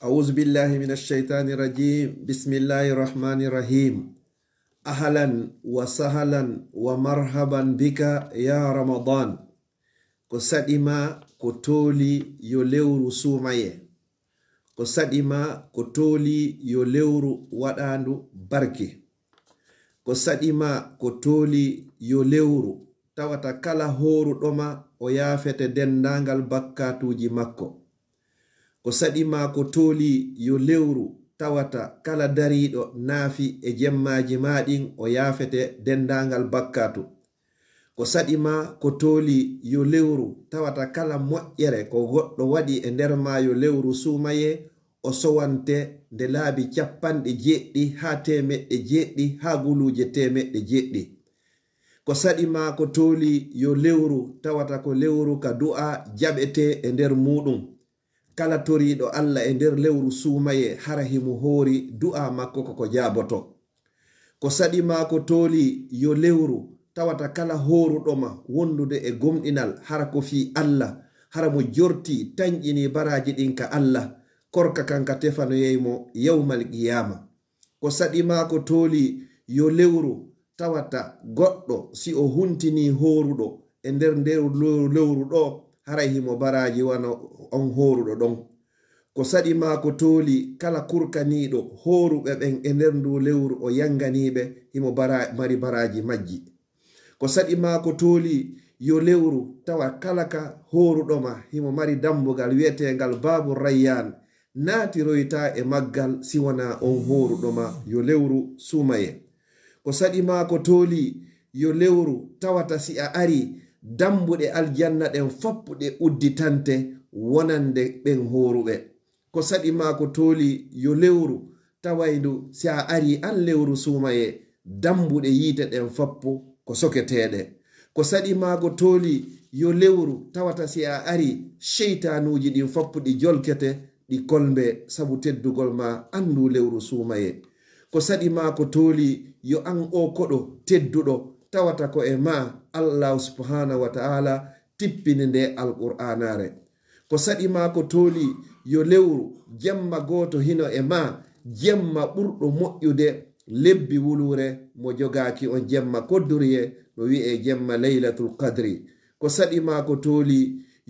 أعوذ بالله من الشيطان الرجيم بسم الله الرحمن الرحيم أهلا وسهلا ومرحبا بك يا رمضان kusadima kotoli yo lewru sumaye ko saɗima ko tooli yo lewru waɗandu barke ko saɗima ko tooli yo lewru tawata kala hooruɗoma o yaafete dendangal bakkatuji makko ko saɗi maako tooli yo lewru tawata kala dariiɗo naafi e jemmaaji maaɗin o yaafete denndaangal bakkatu ko saɗi ma ko tooli yo lewru tawata kala moƴƴere ko goɗɗo waɗi e nder ma yo lewru suumaye o sowante nde laabi capanɗe jeɗɗi haa temeɗɗe jeɗɗi haa guluuje temeɗɗe jeɗɗi ko saɗi ma ko tooli yo lewru tawata ko lewru ka du'a jaɓete e nder muuɗum kala toriiɗo allah e nder lewru suumaye hara himo hoori du'a makko koko jaaboto ko saɗi maako tooli yo lewru tawata kala hooruɗoma wondude e gomɗinal hara ko fii allah hara mo jorti tañƴini baraji ɗin ka allah korka kanka tefanoyeymo yawmal qiyama ko saɗi maako tooli yo lewru tawata goɗɗo si o huntini hooruɗo e nder nder lewru ɗo haray himo baraji wana on horuɗo don ko saɗi maako toli kala kurkaniiɗo hooruɓe ɓen e nder ndu lewru o yanganiiɓe himo bara, mari baraji majji ko saɗi maako toli yo lewru tawa kala ka hooruɗoma himo mari dambugal wi'etengal babu rayyan naatiroyta e maggal siwana on hooruɗoma yo lewru sumaye ko saɗi maako toli yo lewru tawata si a ari dambuɗe aljanna ɗen foppuɗe udditante wonande ɓen horuɓe ko saɗi maako toli yo lewru tawaydu si a ari an lewru sumaye dambuɗe yiite ɗen foppu ko soketeɗe ko saɗi maako toli yo lewru tawata si a ari cheytanuji ɗin foppu ɗi jolkete ɗi kolbe sabu teddugol ma andu lewru sumaye ko saɗi maako toli yo an o koɗo tedduɗo tawata ko e ma allahu subhanahu wa ta'ala tippini nde alqur'anare ko saɗima ko tooli yo lewru jemma gooto hino e ma jemma ɓurɗo moƴƴude lebbi wulure mo jogaaki on jemma koddurie no wi'e jemma laylatul qadri ko saɗima ko tooli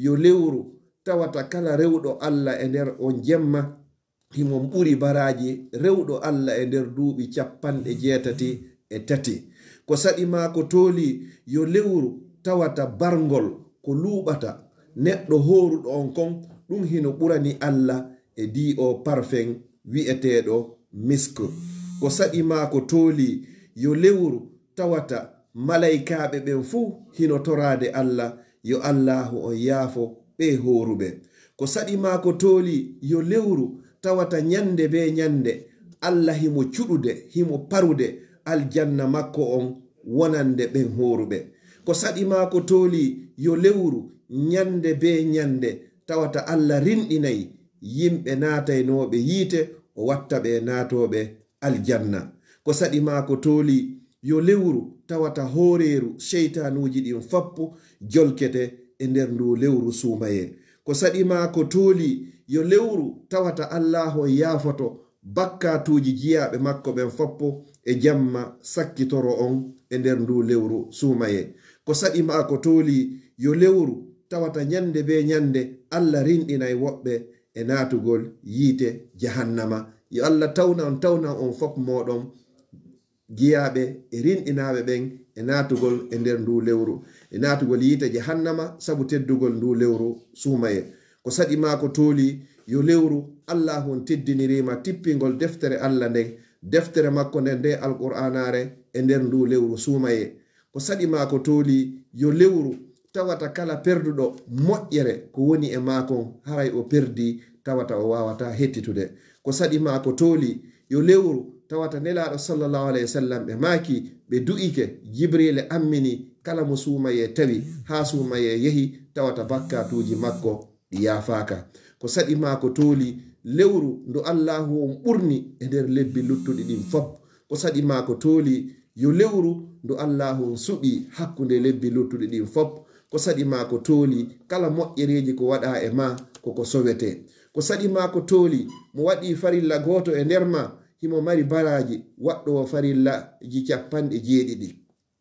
yo lewru tawata kala rewɗo allah e nder on jemma himon ɓuri baraji rewɗo allah e nder duuɓi capanɗe jeetati e tati ko saɗi maako tooli yo lewru tawata barngol ko luuɓata neɗɗo hooruɗo on kon ɗum hino ɓurani allah e di'o parfen wi'eteeɗo miske ko saɗi maako tooli yo lewru tawata malaikaaɓe ɓen fuu hino toraade allah yo allahu on yaafo ɓe hooruɓe ko saɗi maako tooli yo lewru tawata nyannde bee nyannde allah himo cuɗude himo parude aljanna makko on wonande ɓen horuɓe ko saɗi maako toli yo lewru nyande be nyande tawata allah rinɗinayi yimɓe naatainoɓe yiite o watta ɓe naatoɓe aljanna ko saɗi maako toli yo lewru tawata horeru sheitanuji ɗin fappu jolkete e nder ndu lewru sumaye ko saɗi maako toli yo lewru tawata allahon yaafoto bakkatuji jiyaɓe makko ɓen foppo e jemma sakkitoro on e nder ndu lewru sumaye ko saɗi ma ko toli yo lewru tawata nyande be nyande allah rinɗinay woɓɓe e natugol yiite jahannama yo allah tawna on tawna on fop moɗon giyaɓe e rinɗinaɓe ɓen e natugol e nder ndu lewru e natugol yiite jahannama saabu teddugol ndu lewru sumaye ko saɗi ma ko toli yo lewru allahun teddinirima tippingol deftere allah nden deftere makko nden nde alquranare e nder ndu lewru sumaye ko saɗi maako toli yo lewru tawata kala perduɗo moƴƴere ko woni e maakon haray o perdi tawata o wawata hettitude ko saɗi maako toli yo lewru tawata nelaɗo sallllahu alahi wa sallam ɓe maaki ɓe du'ike jibrile ammini kala mo sumaye tawi ha sumaye yehi tawata bakkatuji makko ɗi yafaka ko saɗi maako tooli lewru ndo allahu on ɓurni e nder lebbi luttuɗi ɗin fop ko saɗi maako tooli yo lewru ndo allahu on suɓi hakkunde lebbi luttuɗi ɗin fop ko saɗi maako tooli kala moƴƴereeji ko waɗa e ma koko sowete ko saɗi maako tooli mo waɗi farilla gooto e nder ma himo mari baraji waɗɗowo farillaji capanɗe jeeɗiɗi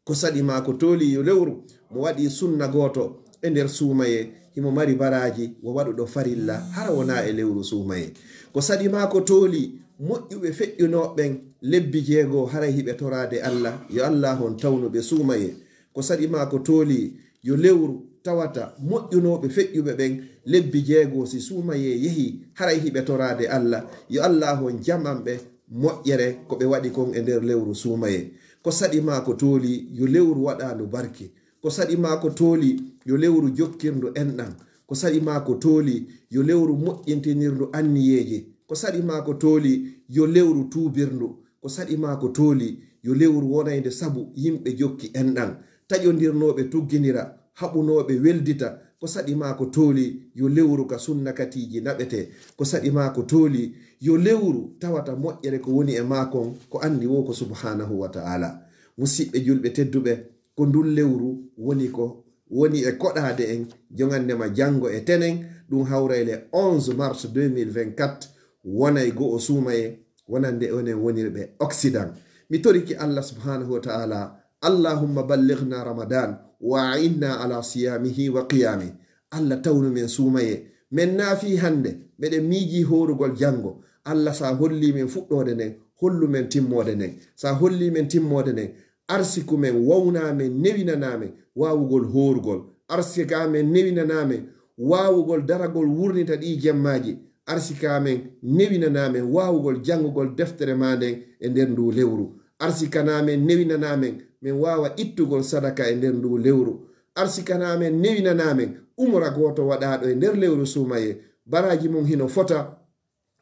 ko saɗi maako tooli yo lewru mo waɗi sunna gooto e nder suumaye imo mari baraji o waɗu ɗo farilla har wona e lewru sumaye ko saɗi mako toli moƴƴuɓe feƴƴunoɓen lebbi jeego haray hiɓe torade allah yo allah hon tawnuɓe sumaye ko saɗi mako toli yo lewru tawata moƴƴunoɓe feƴƴuɓe ɓen lebbi jeego si sumaye yehi haray hiɓe torade allah yo allah hon jamanɓe moƴƴere ko ɓe waɗi kon e nder lewru sumaye ko saɗi mako toli yo lewru waɗandu barke ko saɗima ko toli yo lewru jokkirdu enɗam ko saɗima ko toli yo lewru moƴƴintinirdu anniyeeje ko saɗima ko toli yo lewru tuubirdu ko saɗima ko toli yo lewru wonayde sabu yimɓe jokki enɗan taƴodirnoɓe tugginira haɓunoɓe weldita ko saɗima ko toli yo lewru ka sunna katiji naɓete ko saɗima ko toli yo lewru tawata moƴƴere ko woni e makon ko anndi wo ko subhanahu wa ta'ala musidɓe julɓe tedduɓe ko ndun lewru woni ko woni e koɗade en jogandema jango e tenen ɗum hawrayle 11 mars 2024 wonay goo sumaye wonande onen wonirɓe occident mi toriki allah subhanahu wa taala allahumma ballighna ramadan wa inna ala siyamihi wa qiyami allah tawnu men sumaye min naafi hande miɗen miiji horugol jango allah sa holli min fuɗɗode nden hollu men timmode nden sa holli men timmode nden arsiku men wawnaamen newinanaamen waawugol hoorugol arsika men newinanaamen waawugol daragol wurnita ɗi jemmaaji arsika men newinanaamen waawugol janngugol deftere ma nden e nder ndu lewru arsikanaamen newinanaamen min waawa ittugol sadaka e nder ndu lewru arsikanaamen newinanaamen umora gooto waɗaaɗo e nder lewru suumaye baraji mum hino fota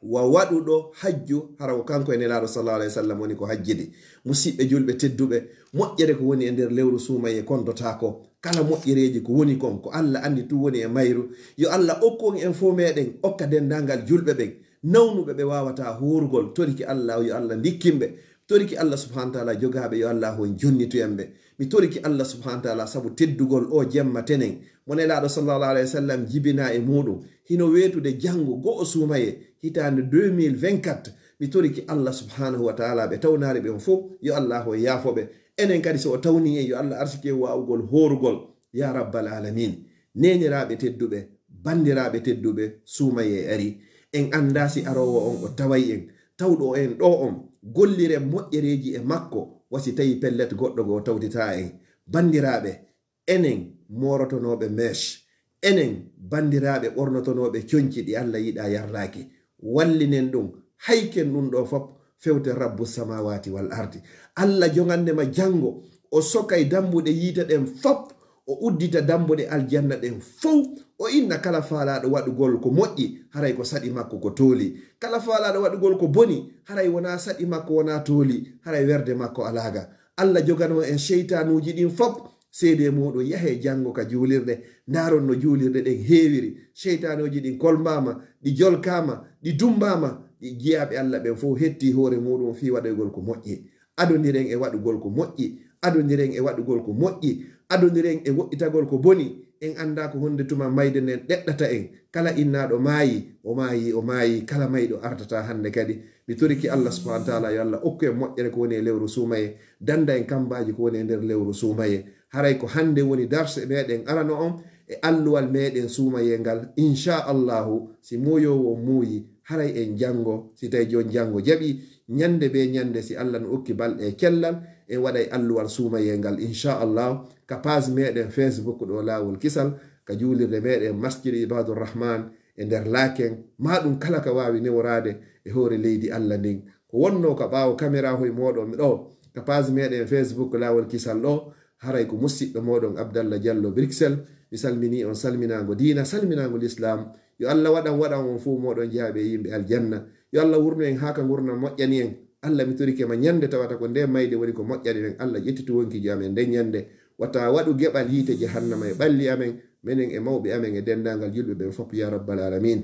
wa waɗuɗo hajju hara ko kanko ene laaɗo sallah alah w sallam woni ko hajjidi musidɓe julɓe tedduɓe moƴƴere ko woni e nder lewru sumaye kondotako kala moƴƴereji ko woni kon ko allah andi tu woni e mayru yo allah okkon en fo meɗen okka dendangal julɓe ɓen nawnuɓe ɓe wawata horugol toriki allah yo allah dikkinɓe toriki allah subahana taala jogaaɓe yo allah hon jonnituyen mi toriki allah subahana taala sabu teddugol o jemma tenen mo nelaaɗo sallallah alayhi wa sallam jibina e muɗum hino weetude janngo go'o suumaye hitaande 2024 mi toriki allah subhanahu wa taala ɓe tawnaari ɓen fof yo allah ho yaafoɓe enen kadi so o tawni en yo allah arsike waawugol hoorugol ya rabbal alamin neniraaɓe tedduɓe banndiraaɓe tedduɓe suumaye e ari en annda si arowo on o taway en tawɗo en ɗo on gollire moƴƴereji e makko wasi tawi pellet goɗɗo go tawtita en bandiraɓe enen morotonoɓe mesh enen bandiraɓe ɓornotonoɓe cionci ɗi allah yiɗa yarlaki wallinen ɗum hayken ɗum ɗo fop fewte rabbu samawati wal ardi allah jogannema jango o sokay dambuɗe yiite ɗen fop o uddita dambuɗe aljanna ɗen fow o inna kala falaɗo waɗugol ko moƴƴi haray ko saɗi makko ko tooli kala falaɗo waɗugol ko boni haray wona saɗi makko wona tooli haray werde makko alaaga allah joganmo en cheytanuji ɗin fop seede muɗum yahe janngo ka juulirɗe ndaron no juulirɗe ɗen heewiri cheytanuji ɗin kolmbama ɗi jolkama ɗi dumbama ɗi jeyaɓe allah ɓen fof hetti hoore muɗum fi waɗoygol ko moƴƴi adodiren e waɗugol ko moƴƴi adodiren e waɗugol ko moƴƴi adoniren e wo'itagol ko boni en anda ko hunde tuma mayde nden ɗeɗɗata en kala innaɗo maayi o maayi o maayi kala mayɗo artata hannde kadi mi toriki allah subahana taala yo allah okku en moƴƴere ko woni e lewru suumaye danda en kambaji ko woni e nder lewru suumaye haray ko hannde woni darse meɗen arano on e alluwal meɗen suumaye ngal inchallahu si muuyowo muuyi haray en janngo si tawi joni janngo jaɓi ñande be ñande si allah no okki balɗe e cellal en waɗa e alluwal suumaye ngal inchallahu ka page meɗen facebook ɗo lawol kisal ka julirde meɗen masjidi ibadurrahman e nder laken ma ɗum kala ka wawi neworade e hoore leydi allah ndin ko wonno ka ɓawo caméra hoye moɗon ɗo ka page meɗen facebook lawol kisal ɗo haray ko musidɗo moɗon abdallah diallo brixel mi salmini on salminago dina salminago l'islam yo allah waɗan waɗan on fu moɗon jeyaɓe yimɓe aljanna yo allah wurno en ha ka gurna moƴƴani en allah mi torikema ñande tawata ko nde mayde woni ko moƴƴani en allah ƴettito wonki jo amen nde ñande wata waɗu geɓal yiite jahannama e ɓalli amen minen e mawɓe amen e dendagal julɓe ɓen fop ya rabbal alamin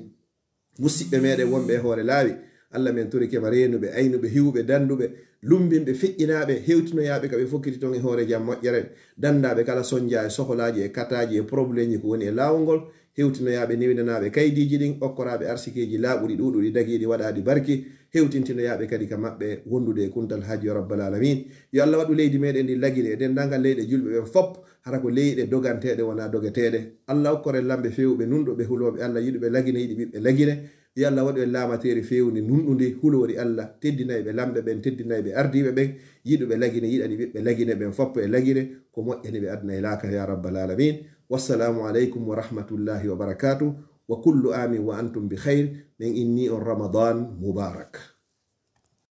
musiɓɓe meɗen wonɓe e hoore laawi allah min turikema renuɓe aynuɓe hiwuɓe danduɓe lumbinɓe feƴƴinaɓe hewtinoyaɓe ka ɓe fokkiti ton e hoore jam moƴƴere dandaɓe kala soñdia e sohlaji e kataji e probléme ji ko woni e lawol ngol hewtinoyaɓe niwinanaɓe kaydiji ɗin okkoraɓe arsikeji laaɓuɗi ɗuɗuɗi dagiɗi waɗaɗi barki hewtintina yaaɓe kadi ka maɓɓe wondude e kuntal haaji yo rabbal alamin yo allah waɗu leydi meɗen ndi lagine e denndangal leyɗe julɓe ɓe fop hara ko leyɗe doganteɗe wona dogeteɗe allah okkore lamɓe fewɓe nunɗoɓe huloɓe allah yiɗuɓe lagine yiɗi ɓiɓɓe lagine yo allah waɗu en laamateri fewndi nunɗundi hulori allah teddinayɓe lamɓe ɓen teddinayɓe ardiɓe ɓen yiɗuɓe lagine yiɗani ɓiɓɓe lagine ɓen foppo e lagine ko moƴƴani ɓe adna e laaka ya rabbal alamin wassalamu aleykum wa rahmatullahi wa barakatuh وكل عام وأنتم بخير من إني رمضان مبارك